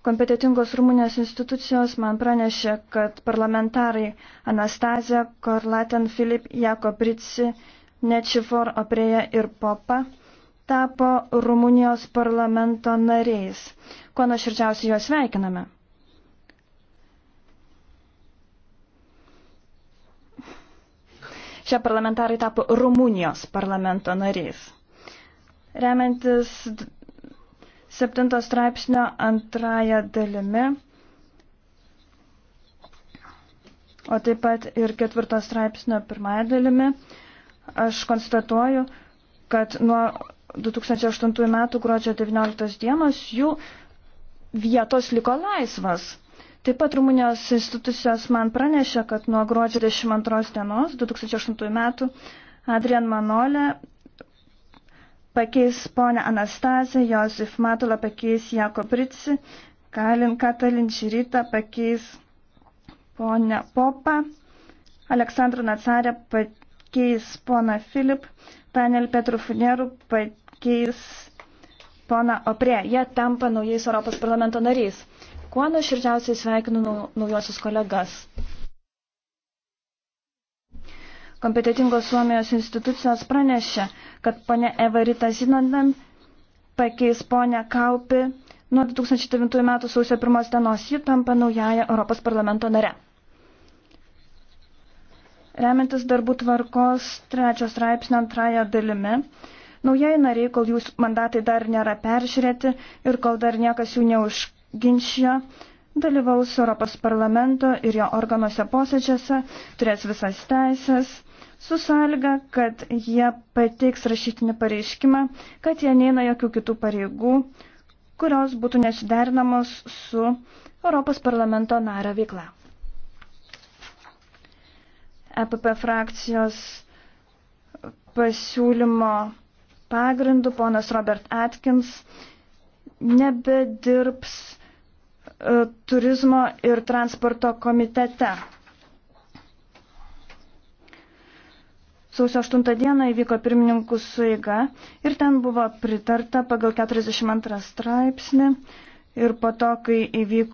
Kompetitingos Rumunijos institucijos man pranešė, kad parlamentarai Anastazija, Korlaten, Filip, Jakobritsi, Nečifor, Opreja ir Popa tapo Rumunijos parlamento nariais. Kuo nuoširdžiausiai juos sveikiname. Šie parlamentarai tapo Rumunijos parlamento nariais. Remiantis septinto straipsnio antrąją dalimi, o taip pat ir ketvirto straipsnio pirmąją dalimi, aš konstatuoju, kad nuo 2008 metų gruodžio 19 dienos jų vietos liko laisvas. Taip pat Rumunijos institucijos man pranešė, kad nuo gruodžio 22 dienos 2008 metų Adrian Manolė pakeis ponę Anastasiją, Josif Matula pakeis Jakobritsi, Kalin Katalin Širita pakeis ponę Popą, Aleksandrą Nacarę pakeis poną Filip, Daniel Petru Funerų pakeis poną Oprė. Jie tampa naujais Europos parlamento nariais. Kuo nuoširdžiausiai sveikinu naujosius kolegas. Kompetitingos Suomijos institucijos pranešė, kad ponė Evarita Zinandan pakeis ponę Kaupi nuo 2009 m. sausio 1 dienos. Ji tampa naujaja Europos parlamento nare. Remiantis darbų tvarkos trečios straipsnio antraja dalimi, naujieji nariai, kol jų mandatai dar nėra peržiūrėti ir kol dar niekas jų neužginčijo, dalyvaus Europos parlamento ir jo organuose posėdžiuose, turės visas teisės su sąlyga, kad jie pateiks rašytinį pareiškimą, kad jie neina jokių kitų pareigų, kurios būtų nesuderinamos su Europos parlamento nario veikla. EPP frakcijos pasiūlymo pagrindu ponas Robert Atkins nebedirbs e, turizmo ir transporto komitete. Sausio 8 dieną įvyko pirmininkų suiga ir ten buvo pritarta pagal 42 straipsnį ir po to, kai įvyko